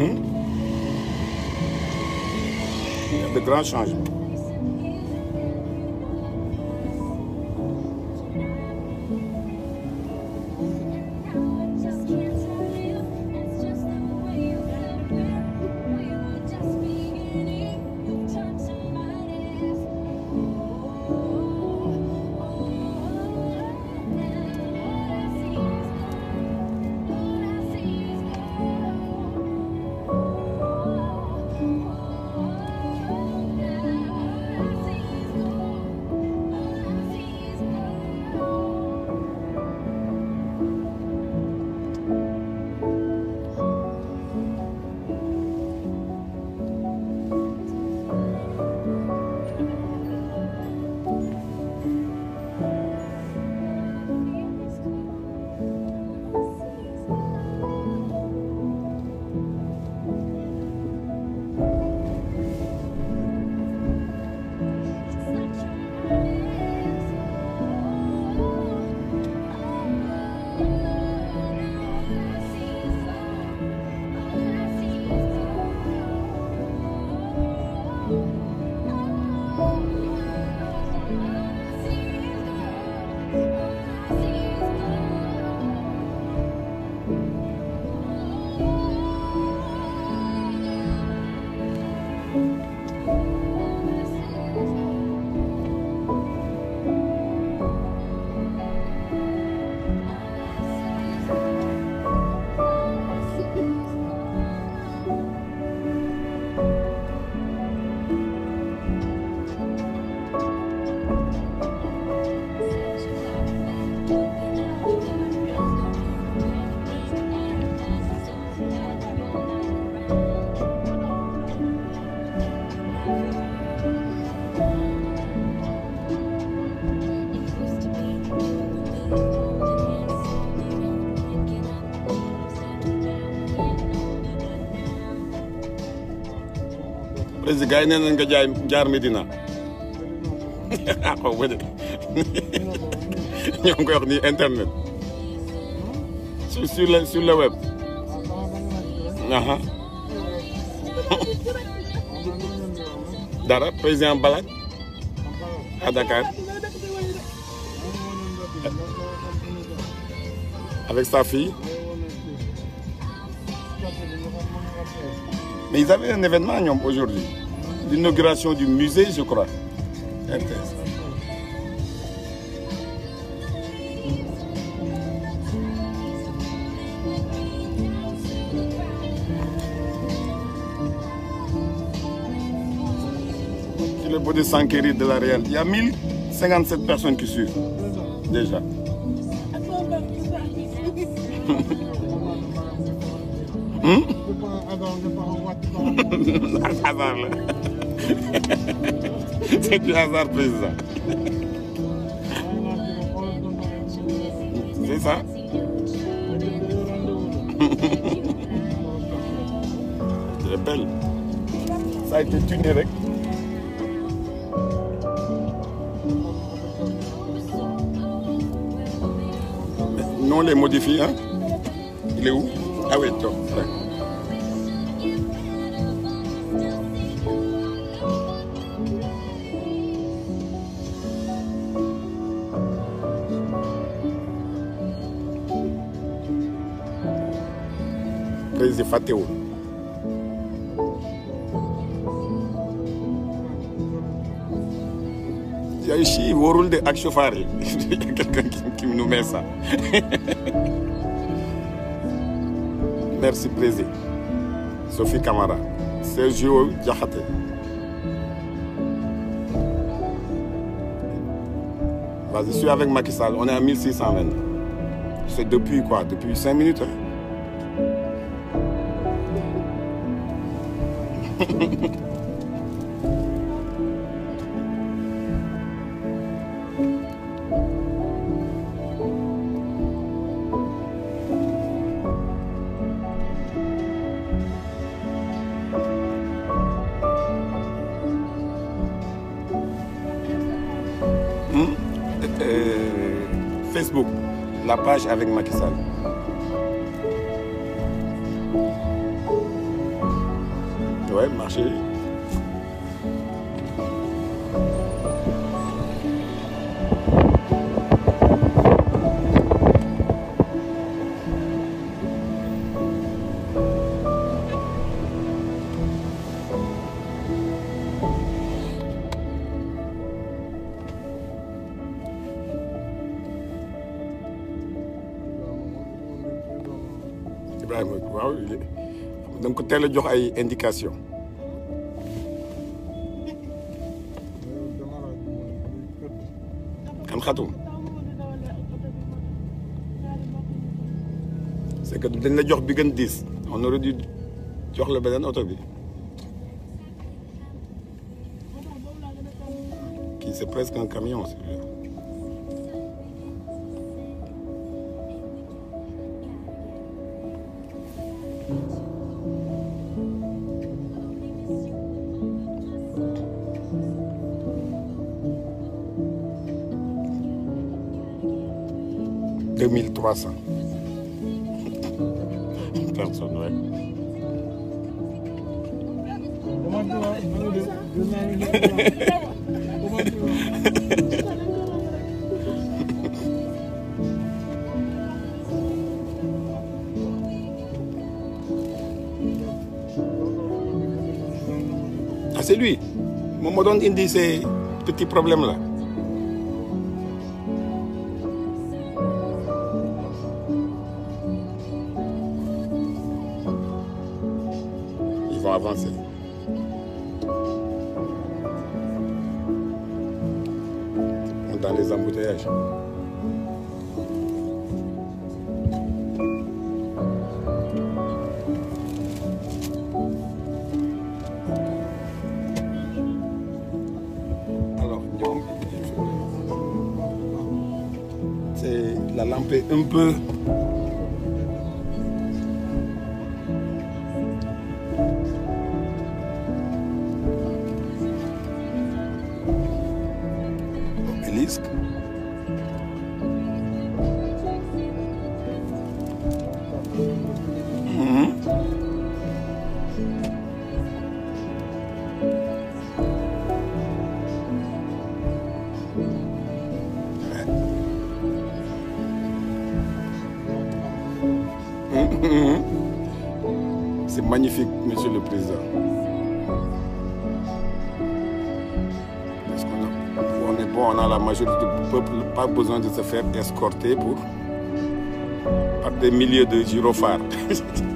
Mm-hmm. The grand changement. président gars yi nee nañ nga jaay jaar Medina ah xaw ma de ñoo ngi ni internet sur le sur le dara président Balak à Dakar avec sa fille. Mais ils avaient un événement aujourd'hui. L'inauguration du musée, je crois. RTS. le beau de s'enquérir de la réelle. Il y a 1057 personnes qui suivent. Déjà. hasard c'est du hasard c'est ça c'est belle ça a été tuné non les modifie hein il est où ah oui toi fatéo Je suis de avec de Il y a quelqu'un qui, nous met ça. Merci, Président. Sophie Camara. Sergio Diahate. Je suis avec Macky On est à 1620. C'est depuis quoi Depuis 5 minutes. Hein? Hmm? Euh, euh, Facebook, la page avec Macky ouais, marcher. Ibrahim, wow, donc telle jox ay indication kan khatou c'est que dañ la jox bi gën 10 on aurait dû jox le benen auto bi c'est presque un camion 2300. Personne, ouais. ah, c'est lui. Mon il dit ces petits problèmes-là. les embouteillages. la lampe est un peu Magnifique, Monsieur le Président. On est bon, on a la majorité du peuple, pas besoin de se faire escorter pour par des milliers de gyrophares.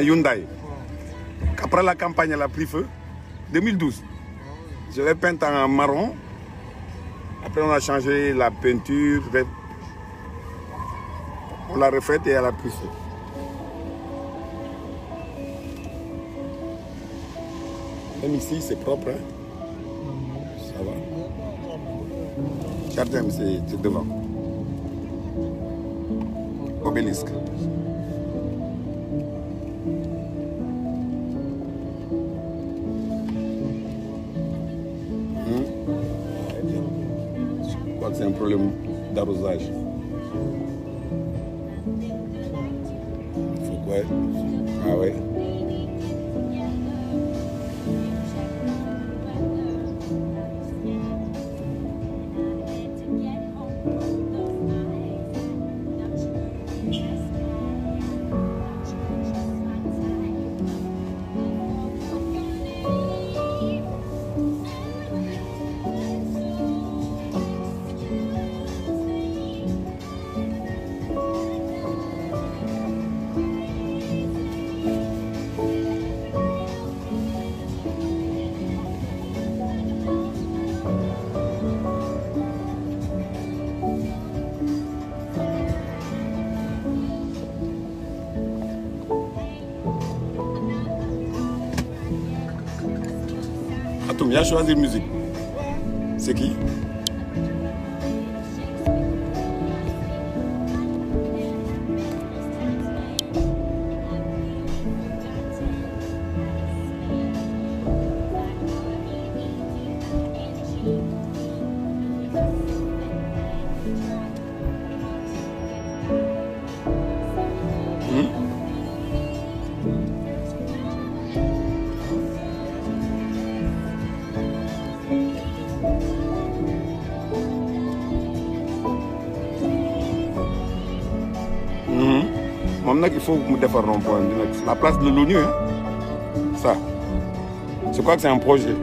Hyundai. Après la campagne, elle a pris feu. 2012. Je l'ai peinte en marron. Après, on a changé la peinture. On l'a refaite et elle a pris feu. Même ici, c'est propre. Hein. Ça va. Jardin, c'est devant. Obélisque. problema da rosagem. Bien choisir musique C'est qui hmm? il faut que je rond-point la place de l'ONU hein. ça je crois que c'est un projet